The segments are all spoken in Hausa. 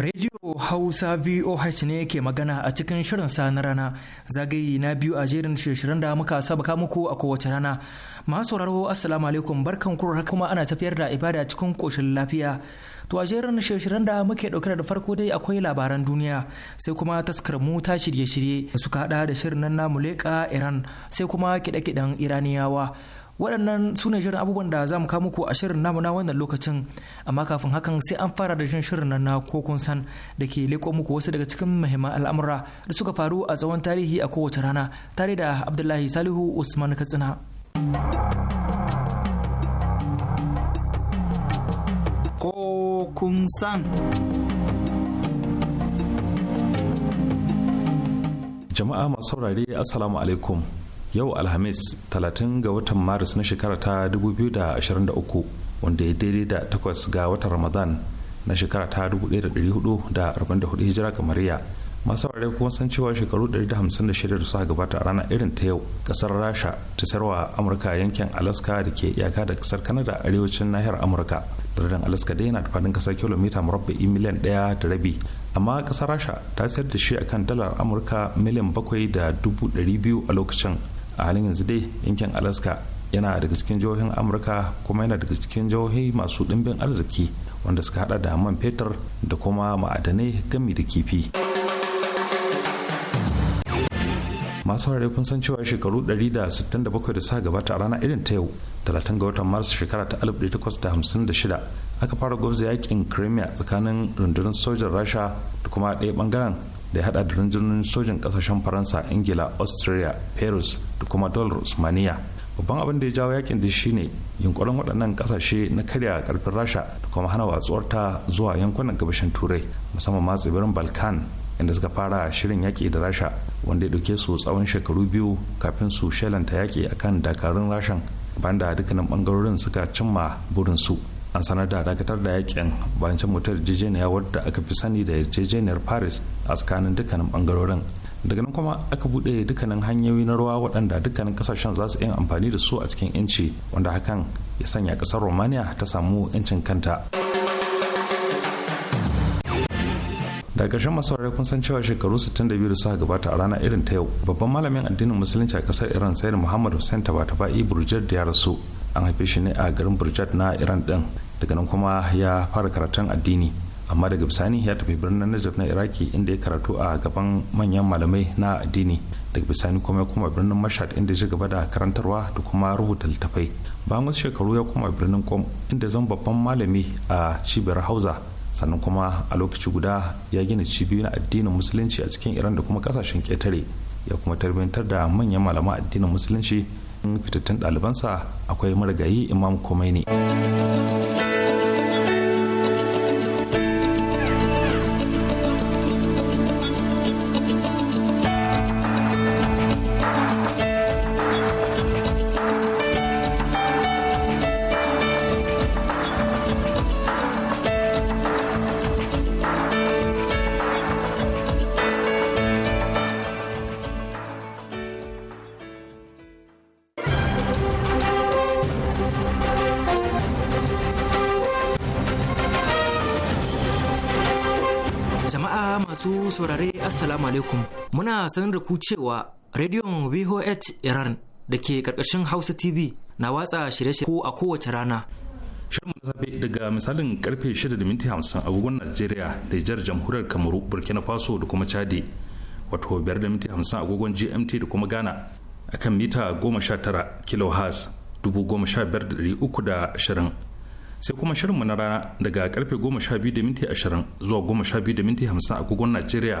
Radio Hausa VOH ne ke magana a cikin shirin sa na rana zagayi na biyu a jerin shirin da muka sabaka muku a kowace rana. Masu raro Assalamu alaikum barkan kurar kuma ana tafiyar da ibada cikin koshin lafiya. To a jerin shirin da muke ɗaukar da farko dai akwai labaran duniya sai kuma taskar mu ta shirye-shirye da suka hada da shirin nan na Muleka Iran sai kuma kiɗe-kiɗen Iraniyawa. waɗannan su shirin abubuwan da za mu kawo muku a shirin namu na wannan lokacin amma kafin hakan sai an fara da jin shirin na ko kun san da ke leƙo muku wasu daga cikin muhimman al'amura da suka faru a tsawon tarihi a kowace rana tare da abdullahi salihu usman katsina ko kun san jama'a masu saurare assalamu alaikum yau alhamis 30 ga watan maris na shekara ta 2023 wanda ya daidai da 8 ga watan ramadan na shekara ta 1444 hijira ga mariya masu aure kuma san cewa shekaru 156 da suka gabata a ranar irin ta yau kasar rasha ta sarwa amurka yankin alaska da ke iyaka da kasar kanada arewacin nahiyar amurka birnin alaska dai yana da faɗin kasar kilomita murabba'i miliyan ɗaya da rabi amma kasar rasha ta sayar da shi akan dalar amurka miliyan bakwai da dubu dari biyu a lokacin a halin yanzu dai yankin alaska yana daga cikin jihohin amurka kuma yana daga cikin jihohi masu ɗimbin arziki wanda suka hada da man fetur da kuma ma'adanai gami da kifi masu haure kun san cewa shekaru 167 da suka gabata a rana irin ta yau 30 ga watan maris shekara ta 1856 aka fara gwamza yakin crimea tsakanin rundunar sojan rasha da kuma ɗaya bangaren da ya hada da rundunonin sojin kasashen faransa ingila austria paris da kuma dolar usmaniya babban abin da ya jawo yakin da shi ne yunkurin waɗannan kasashe na karya karfin rasha da kuma hana watsuwar ta zuwa yankunan gabashin turai musamman ma tsibirin balkan inda suka fara shirin yaƙi da rasha wanda ya ɗauke su tsawon shekaru biyu kafin su shelanta yaƙi akan dakarun rashan banda dukkanin ɓangarorin suka cimma burinsu an sanar da dakatar da yakin bayan can mutar yarjejeniya wadda aka fi sani da yarjejeniyar paris a tsakanin dukkanin bangarorin daga nan kuma aka buɗe dukkanin hanyoyi na ruwa waɗanda dukkanin kasashen za su yi amfani da su a cikin yanci wanda hakan ya sanya ƙasar romania ta samu yancin kanta da ƙarshen masu kun san cewa shekaru 62 da suka gabata a rana irin ta yau babban malamin addinin musulunci a ƙasar iran ta muhammad hussein ba'i burjiyar da ya rasu an haife shi ne a garin burjat na iran din daga nan kuma ya fara karatun addini amma daga bisani ya tafi birnin najaf na iraki inda ya karatu a gaban manyan malamai na addini daga bisani kuma ya koma birnin mashad inda ya gaba da karantarwa da kuma rubuta littafai bayan wasu shekaru ya koma birnin kom inda zan babban malami a cibiyar hausa sannan kuma a lokaci guda ya gina cibiyoyi na addinin musulunci a cikin iran da kuma kasashen ketare ya kuma tarbiyantar da manyan malaman addinin musulunci fitattun ɗalibansa akwai marigayi imam komai ne sanar da ku cewa rediyon VOH Iran da ke karkashin Hausa TV na watsa shirye-shirye ko a kowace rana. Shirin safe daga misalin karfe 6:50 gugun Najeriya da jihar jamhuriyar Kamaru, Burkina Faso da kuma Chadi, wato 5:50 agogon GMT da kuma Ghana akan mita 19 kHz 15320. Sai kuma shirinmu na rana daga karfe 12:20 zuwa 12:50 agogon Najeriya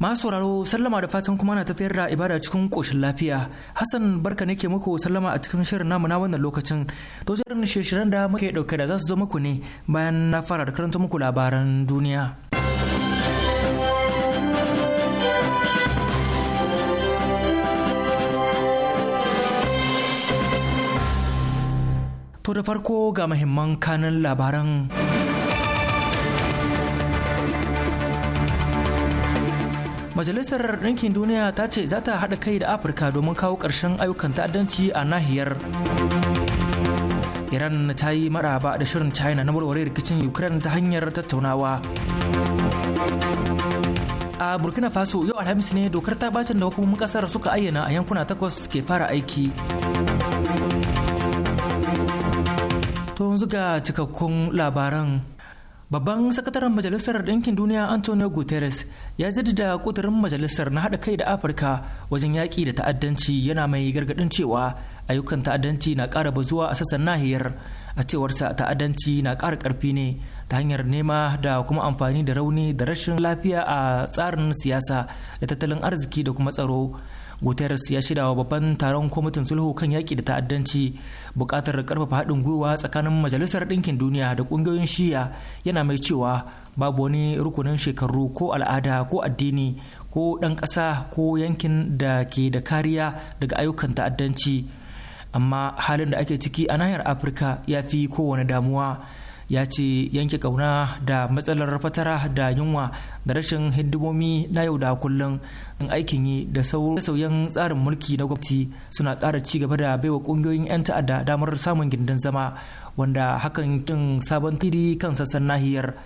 masu sauraro sallama da fatan kuma na tafiyar da ibada cikin koshin lafiya hassan barka ne ke muku sallama a cikin shirin namu na wannan lokacin to shirin shirin da muke dauke da za su zo muku ne bayan na fara da karanta muku labaran duniya to da farko ga mahimman kanan labaran majalisar ɗinkin duniya ta ce za ta haɗa kai da afirka domin kawo ƙarshen ayyukan ta'addanci a nahiyar iran ta yi maraba da shirin china na warware rikicin ukraine ta hanyar tattaunawa a burkina faso yau alhamis ne dokar ta bacin da hukumomin kasar suka ayyana a yankuna takwas ke fara aiki Tun zuga cikakkun labaran Babban sakataren Majalisar Ɗinkin Duniya Antonio Guterres ya jaddada ƙudurin majalisar na haɗa kai da Afirka wajen yaƙi da ta'addanci yana mai gargaɗin cewa ayyukan ta'addanci na ƙara bazuwa a sassan nahiyar a cewarsa ta'addanci na ƙara ƙarfi ne ta hanyar nema da kuma amfani da rauni da rashin lafiya a tsarin siyasa da tattalin arziki da kuma tsaro. guterres ya shirya wa babban taron kwamitin sulhu kan yaƙi da ta'addanci buƙatar ƙarfafa haɗin gwiwa tsakanin majalisar ɗinkin duniya da ƙungiyoyin shiya yana mai cewa babu wani rukunin shekaru ko al'ada ko addini ko ɗan ƙasa ko yankin da ke da kariya daga ayyukan ta'addanci amma halin da ake ciki a nahiyar afirka ya fi kowane damuwa ya ce yanke kauna da matsalar fatara da yunwa da rashin hidimomi na yau da kullum in aikin yi da sauyin tsarin mulki na gwamnati suna ƙara ci gaba da baiwa ƙungiyoyin 'yan ta'adda damar samun gindin zama wanda hakan kin sabon tiri kan sassan nahiyar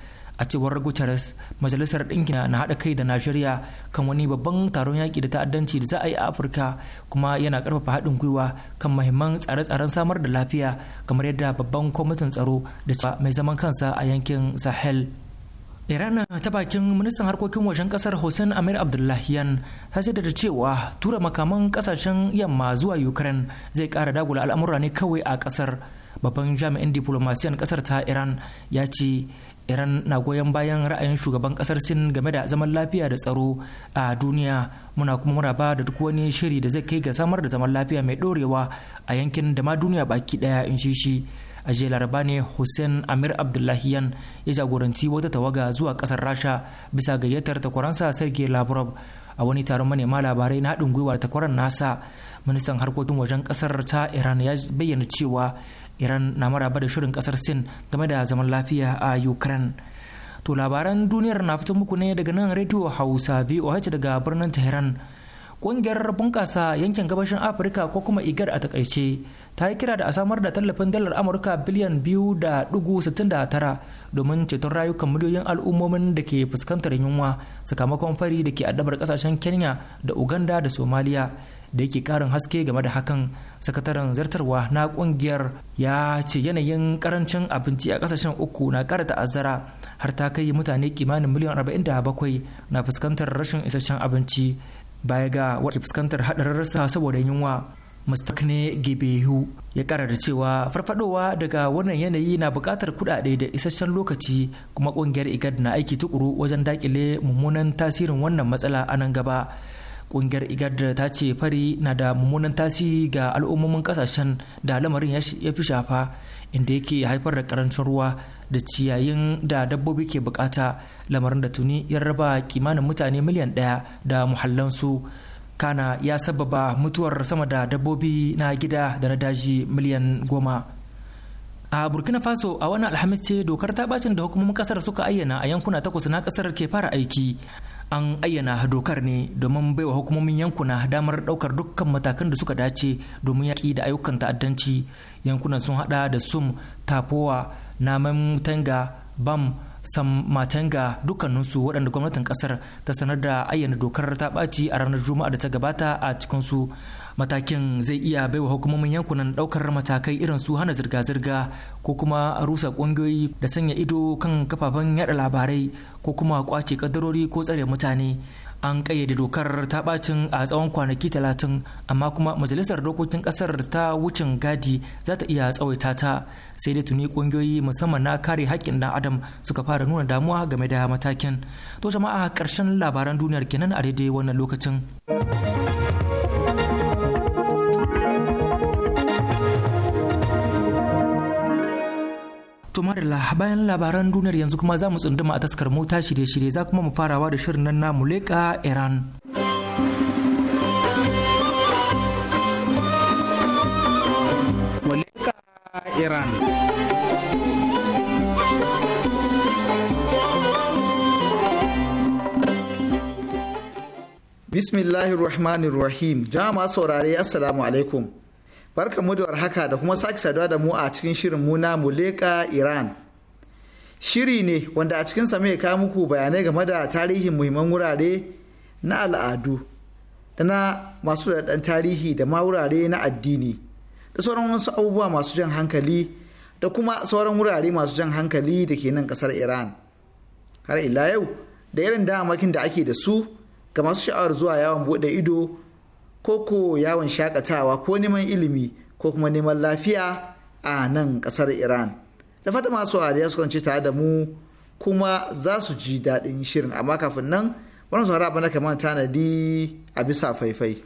a cewar guterres majalisar ɗinkin na haɗa kai da najeriya kan wani babban taron yaki da ta'addanci da za a yi a afirka kuma yana ƙarfafa haɗin gwiwa kan mahimman tsare-tsaren samar da lafiya kamar yadda babban kwamitin tsaro da cewa mai zaman kansa a yankin sahel iran ta bakin ministan harkokin wajen kasar hussein amir abdullahiyan ta da cewa tura makaman kasashen yamma zuwa ukraine zai ƙara dagula al'amura ne kawai a kasar babban jami'in diplomasiyan kasar ta iran ya ce iran na goyon bayan ra'ayin shugaban kasar sin game da zaman lafiya da tsaro a duniya muna kuma ba da duk wani shiri da zai kai ga samar da zaman lafiya mai dorewa a yankin da ma duniya baki daya in shi shi a jiya laraba ne hussein amir abdullahiyan ya jagoranci wata tawaga zuwa kasar rasha bisa gayyatar takwaransa sergei lavrov a wani taron manema labarai na haɗin gwiwa takwaran nasa ministan harkokin wajen kasar ta iran ya bayyana cewa iran na maraba da shirin kasar sin game da zaman lafiya a ukraine to labaran duniyar na fito muku ne daga nan radio hausa voh daga birnin tehran kungiyar bunƙasa yankin gabashin afirka ko kuma igar a takaice ta yi kira da a samar da tallafin dalar amurka biliyan biyu da dugu sittin tara domin ceton rayukan miliyoyin al'ummomin da ke fuskantar yunwa sakamakon fari da ke addabar kasashen kenya da uganda da somaliya da yake karin haske game da hakan sakataren zartarwa na kungiyar ya ce yanayin karancin abinci a kasashen uku na kara ta'azzara har ta kai mutane kimanin miliyan 47 na fuskantar rashin isasshen abinci baya ga wata fuskantar haɗarin rasa saboda yunwa Mr. ne Gebehu ya kara da cewa farfadowa daga wannan yanayi na bukatar kudade da isasshen lokaci kuma ƙungiyar IGAD na aiki tukuru wajen dakile mummunan tasirin wannan matsala a nan gaba. kungiyar igad ta ce fari na da mummunan tasiri ga al'ummomin kasashen da lamarin ya fi shafa inda yake haifar da karancin ruwa da ciyayin da dabbobi ke bukata lamarin da tuni ya raba kimanin mutane miliyan daya da muhallansu kana ya sababa mutuwar sama da dabbobi na gida da na daji miliyan goma a burkina faso a wani alhamis ce dokar ta bacin da hukumomin kasar suka ayyana a yankuna takwas na kasar ke fara aiki an ayyana dokar ne domin baiwa hukumomin yankuna damar daukar dukkan matakan da suka dace domin yaƙi da ayyukan ta'addanci yankunan sun hada da sum tafowa namen tanga bam sammatanga dukkaninsu waɗanda gwamnatin ƙasar ta sanar da ayyana dokar ta ɓaci a ranar juma'a da ta gabata a cikinsu matakin zai iya baiwa hukumomin yankunan daukar matakai irin su hana zirga-zirga ko kuma rusa kungiyoyi da sanya ido kan kafafen yada labarai ko kuma kwace kadarori ko tsare mutane an kayyade dokar ta bacin a tsawon kwanaki talatin amma kuma majalisar dokokin kasar ta wucin gadi za ta iya tsawaita ta sai dai tuni kungiyoyi musamman na kare haƙƙin dan adam suka fara nuna damuwa game da matakin to jama'a ƙarshen labaran duniyar kenan a daidai wannan lokacin. To bayan labaran duniyar yanzu kuma za mu tsunduma a taskar mota shirye-shirye za kuma mu farawa da shirin nan namu leƙa Iran. Muleka Iran. Bismillahirrahmanirrahim. Jama'a saurare Assalamu alaikum. barkan mu da warhaka da kuma sake saduwa da mu a cikin shirin mu na muleka iran shiri ne wanda a cikin mai kawo muku bayanai game da tarihin muhimman wurare na al'adu da na masu daɗaɗɗen tarihi da ma wurare na addini da sauran wasu abubuwa masu jan hankali da kuma sauran wurare masu jan hankali da ke nan ƙasar iran har ila yau da irin damakin da ake da su ga masu sha'awar zuwa yawon buɗe ido ko ko yawon shakatawa ko neman ilimi ko kuma neman lafiya a nan kasar iran da fata masu ariya su kwanci tare da mu kuma za su ji daɗin shirin amma kafin nan wani su haraba na kamar tanadi a bisa faifai.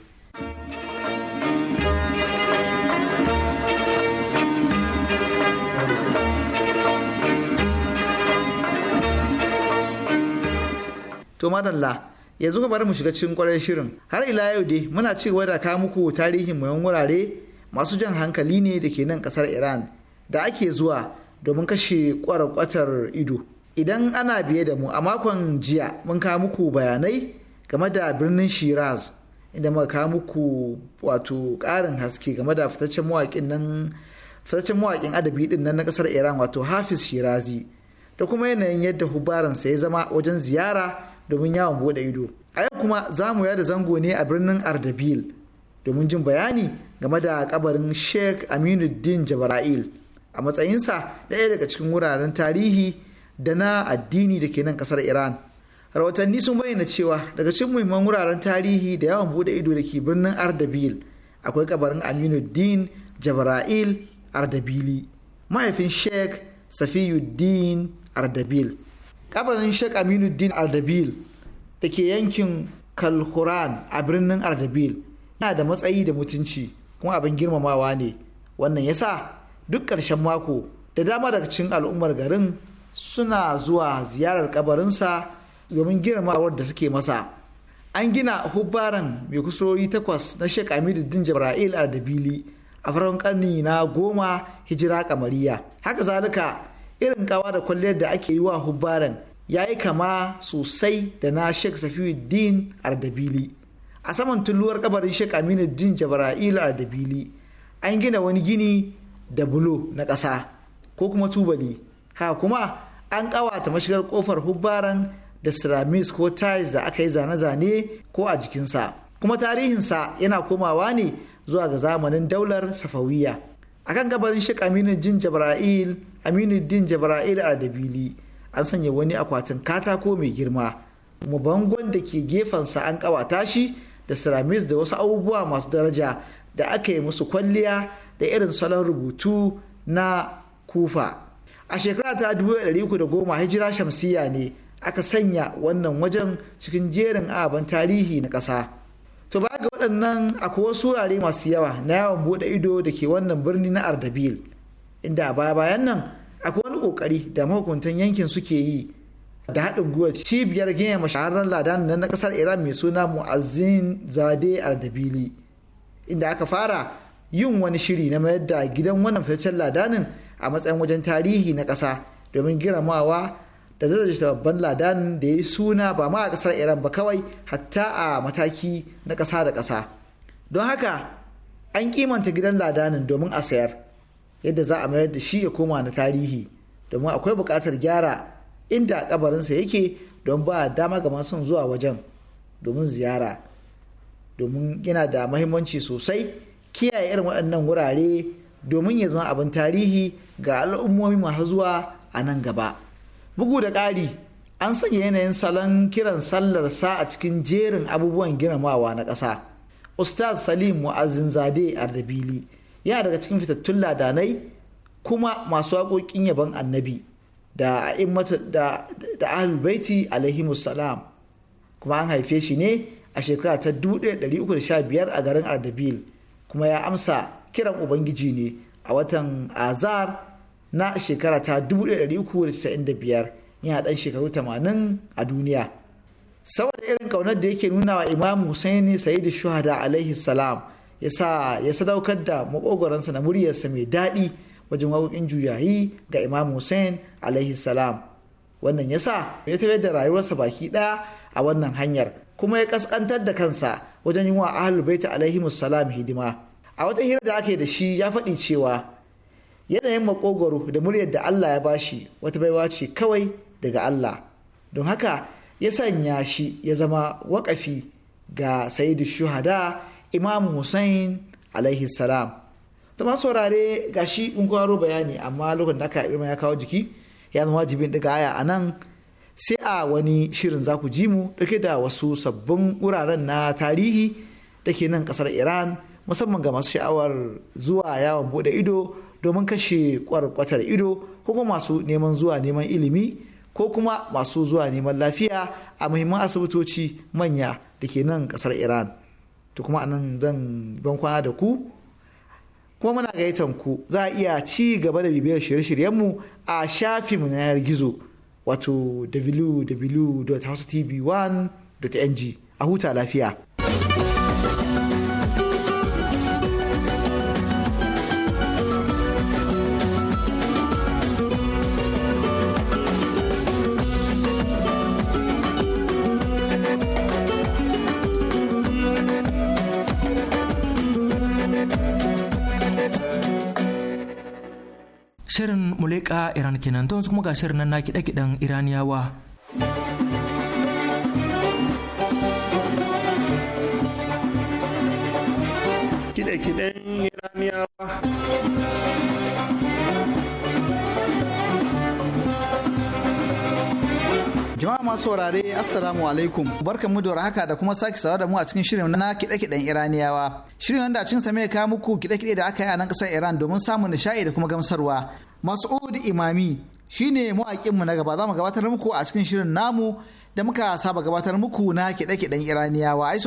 To madalla yanzu ka bar mu shiga cikin kwarai shirin har ila yau dai muna ci gaba da kawo muku tarihin mayan wurare masu jan hankali ne da ke nan kasar iran da ake zuwa domin kashe kwarar ido idan ana biye da mu a makon jiya mun kawo muku bayanai game da birnin shiraz inda muka kawo muku wato ƙarin haske game da fitaccen mawaƙin adabi din nan na kasar iran wato hafiz shirazi da kuma yanayin yadda hubaransa ya zama wajen ziyara domin yawon bude ido a yau kuma za mu yada zango ne a birnin ardabil domin jin bayani game da kabarin sheikh aminuddin jabra'il a matsayinsa ɗaya daga cikin wuraren tarihi da na addini da ke nan kasar iran rahotanni sun bayyana cewa daga cikin muhimman wuraren tarihi da yawon bude ido da ke birnin ardabil akwai kabarin aminuddin jabra'il ardabili mahaifin sheikh safiyuddin ardabil kabarin Sheikh Aminuddin Ardabil da ke yankin Kalhuran a birnin Ardabil yana da matsayi da mutunci kuma abin girmamawa ne wannan yasa duk ƙarshen mako da dama daga cikin al'ummar garin suna zuwa ziyarar kabarinsa domin girmamawar da suke masa an gina hubbaran mai kusurori takwas na Sheikh Aminuddin Jibra'il Ardabili a farkon karni na goma hijira kamariya haka zalika irin kawa da kwalliyar da ake yi wa hubbaran ya yi kama sosai da na sheikh safiuddin ardabili a saman tulluwar kabarin sheikh aminuddin jabra'il ardabili an gina wani gini da bulo na ƙasa ko kuma tubali ha kuma an ƙawata mashigar ƙofar hubbaran da siramis ko tiles da aka yi zane-zane ko a jikinsa kuma tarihinsa yana komawa ne zuwa ga zamanin daular safawiya akan gabarin sheikh aminuddin jabra'il aminuddin jabra'il ardabili an sanya wani akwatin katako mai girma kuma bangon da ke gefensa an kawata shi da siramis da wasu abubuwa masu daraja da aka yi musu kwalliya da irin salon rubutu na kufa a shekara ta 1310 hijira shamsiya ne aka sanya wannan wajen cikin jerin aban tarihi na ƙasa to ba ga waɗannan akwai wasu wurare masu yawa na yawon buɗe ido da ke wannan birni na ardabil inda a baya bayan nan akwai wani kokari da mahukuntan yankin suke yi da haɗin gwiwar cibiyar gina mashaharar ladan nan na ƙasar iran mai suna mu'azzin zade ardabili inda aka fara yin wani shiri na mayar da gidan wannan fitaccen ladanin a matsayin wajen tarihi na ƙasa domin giramawa da daraja babban ladanin da ya suna ba ma a ƙasar iran ba kawai hatta a mataki na ƙasa da ƙasa don haka an kimanta gidan ladanin domin a sayar yadda za a mayar da shi ya koma na tarihi domin akwai buƙatar gyara inda kabarinsa yake don ba dama ga masu zuwa wajen domin ziyara domin yana da mahimmanci sosai kiyaye irin waɗannan wurare domin ya zama abin tarihi ga al'ummomi masu zuwa a nan gaba bugu da ƙari an sanya yanayin salon kiran sallar sa a cikin jerin abubuwan gina girmamawa na ƙasa ustaz salim mu'azzin zade ardabili Yana daga cikin fitattun ladanai kuma masu waƙoƙin yabon annabi da da da ahlulbaiti alaihimu salam kuma an haife shi ne a shekara ta 1315 a garin ardabil kuma ya amsa kiran ubangiji ne a watan azar na shekara ta 1395 yana dan shekaru 80 a duniya saboda irin kaunar da yake nuna wa imam ne Sayyidu shuhada alaihi salam ya sa ya sadaukar da makogoransa na muryarsa mai daɗi wajen waƙoƙin juyayi ga imam hussein alaihi salam wannan ya sa ya tafiyar da rayuwarsa baki ɗaya a wannan hanyar kuma ya ƙasƙantar da kansa wajen yi wa ahlul baita alaihi salam hidima a wata hira da ake da shi ya faɗi cewa yanayin makogoro da muryar da Allah ya bashi wata baiwa ce kawai daga Allah don haka ya sanya shi ya zama waƙafi ga sayidu shuhada imam hussein alaihi salam da ma saurare ga shi kun kwaro bayani amma lokacin da aka ya kawo jiki ya zama wajibin ɗiga aya a nan sai a wani shirin za ku ji mu ɗauke da wasu sabbin wuraren na tarihi da ke nan ƙasar iran musamman ga masu sha'awar zuwa yawon buɗe ido domin kashe kwarkwatar ido ko kuma masu neman zuwa neman ilimi ko kuma masu zuwa neman lafiya a muhimman asibitoci manya da ke nan kasar iran to kuma anan zan ban kwana da ku kuma muna gaitan ku za a iya ci gaba da bibiyar shirye-shiryenmu a shafin na yanar gizo wato www.housetv1.ng a huta lafiya. shirin muleka iran kenan don kuma ga shirin nan na kiɗe-kiɗen iraniyawa masu saurare assalamu alaikum barkan mu da haka da kuma sake sawa da mu a cikin shirin na kide kiɗen iraniyawa shirin wanda cin sa mai kawo muku kiɗe kide da aka yi a nan kasar iran domin samun nishaɗi da kuma gamsarwa mas'ud imami shine mawaƙin mu na gaba za mu gabatar muku a cikin shirin namu da muka saba gabatar muku na kide kiɗen iraniyawa ai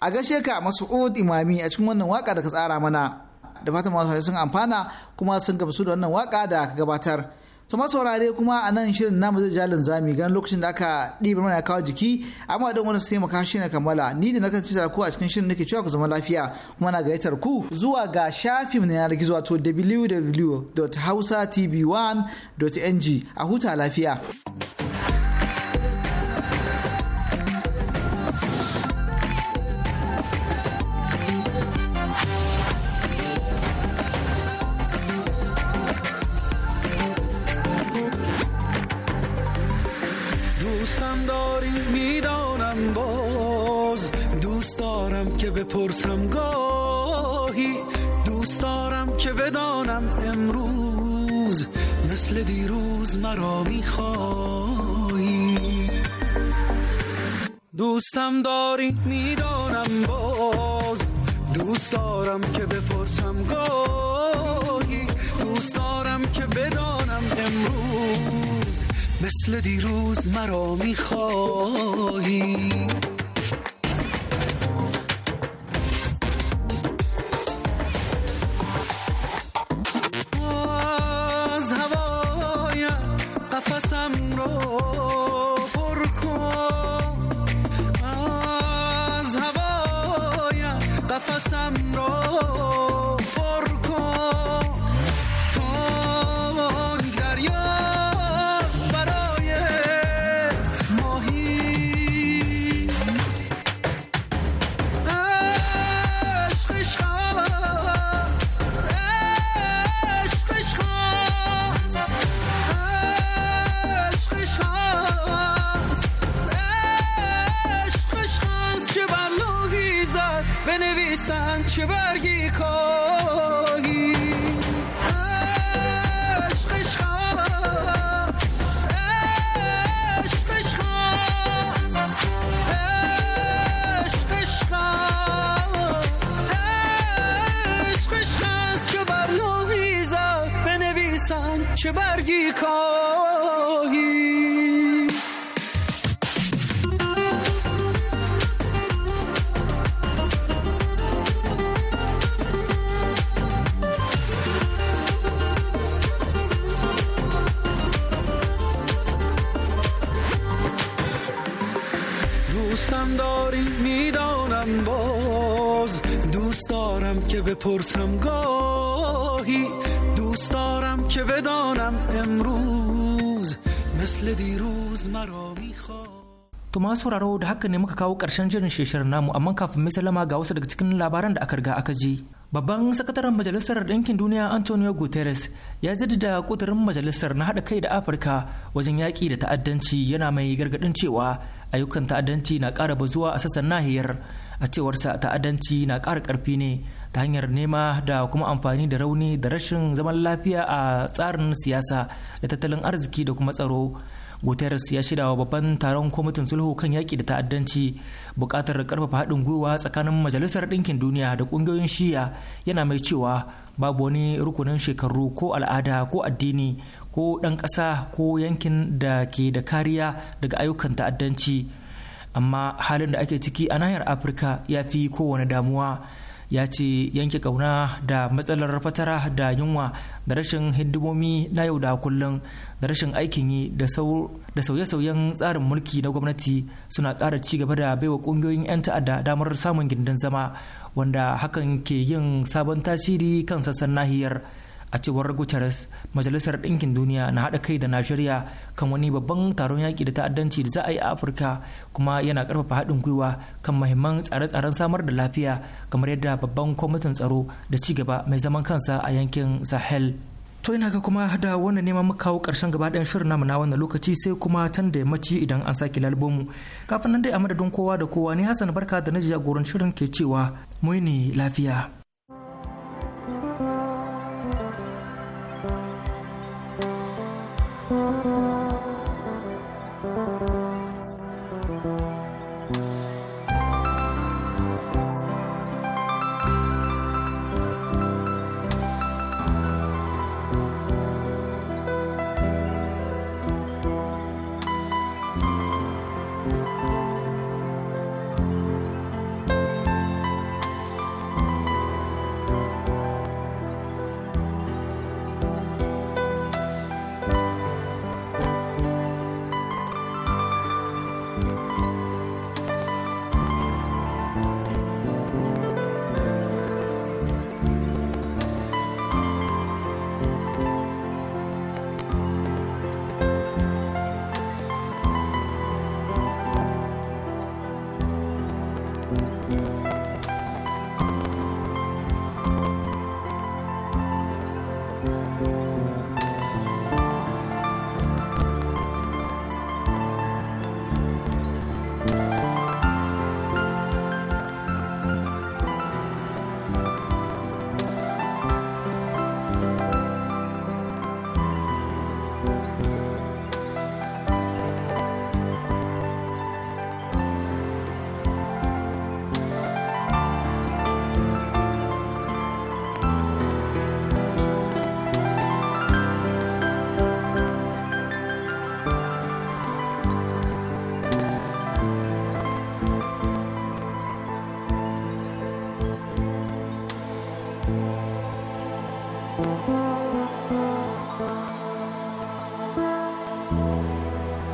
a gaishe ka Mas'ud Imami a cikin wannan waka da ka tsara mana da fatan masu sun amfana kuma sun gamsu da wannan waka da ka gabatar to masu saurare kuma a nan shirin namu zai jalin zami gan lokacin da aka ɗiba mana kawo jiki amma don wani su taimaka shi na kammala ni da nakan ci ku a cikin shirin nake cewa ku zama lafiya kuma na gayyatar ku zuwa ga shafin na yanar gizo wato www.hausatv1.ng a huta lafiya. بپرسم گاهی دوست دارم که بدانم امروز مثل دیروز مرا میخوای دوستم داری میدانم باز دوست دارم که بپرسم گاهی دوست دارم که بدانم امروز مثل دیروز مرا میخوای دوستم داری میدانم باز دوست دارم که بپرسم گاهی دوست دارم که بدانم امروز مثل دیروز مرا To masu sauraro da haka ne muka kawo ƙarshen jirin shishir namu amma kafin mai sallama ga wasu daga cikin labaran da aka riga aka ji. Babban sakataren Majalisar Ɗinkin Duniya Antonio Guterres ya jaddada ƙudurin majalisar na haɗa kai da Afirka wajen yaƙi da ta'addanci yana mai gargaɗin cewa ayyukan ta'addanci na ƙara bazuwa a sassan nahiyar a cewarsa ta'addanci na ƙara ƙarfi ne ta hanyar nema da kuma amfani da rauni da rashin zaman lafiya a tsarin siyasa da tattalin arziki da kuma tsaro. guterres ya shirya wa babban taron kwamitin sulhu kan yaƙi da ta'addanci buƙatar ƙarfafa haɗin gwiwa tsakanin majalisar ɗinkin duniya da ƙungiyoyin shiya yana mai cewa babu wani rukunin shekaru ko al'ada ko addini ko ɗan ƙasa ko yankin da ke da kariya daga ayyukan ta'addanci amma halin da ake ciki a nahiyar afirka ya fi kowane damuwa ya ce yanke kauna da matsalar fatara da yunwa da rashin hidimomi na yau da kullum da rashin aikin yi da sauye-sauyen tsarin mulki na gwamnati suna ƙara ci gaba da baiwa ƙungiyoyin 'yan ta'adda damar samun gindin zama wanda hakan ke yin sabon tasiri kan sassan nahiyar a cewar guterres majalisar ɗinkin duniya na haɗa kai da najeriya kan wani babban taron yaki da ta'addanci da za a yi a afirka kuma yana karfafa haɗin gwiwa kan mahimman tsare-tsaren samar da lafiya kamar yadda babban kwamitin tsaro da ci gaba mai zaman kansa a yankin sahel to ina ga kuma da wannan neman muka kawo karshen gaba ɗayan shirin namu na wannan lokaci sai kuma can da yammaci idan an sake lalbomu kafin nan dai a madadin kowa da kowa ne hassan barka da na jagoran shirin ke cewa muni lafiya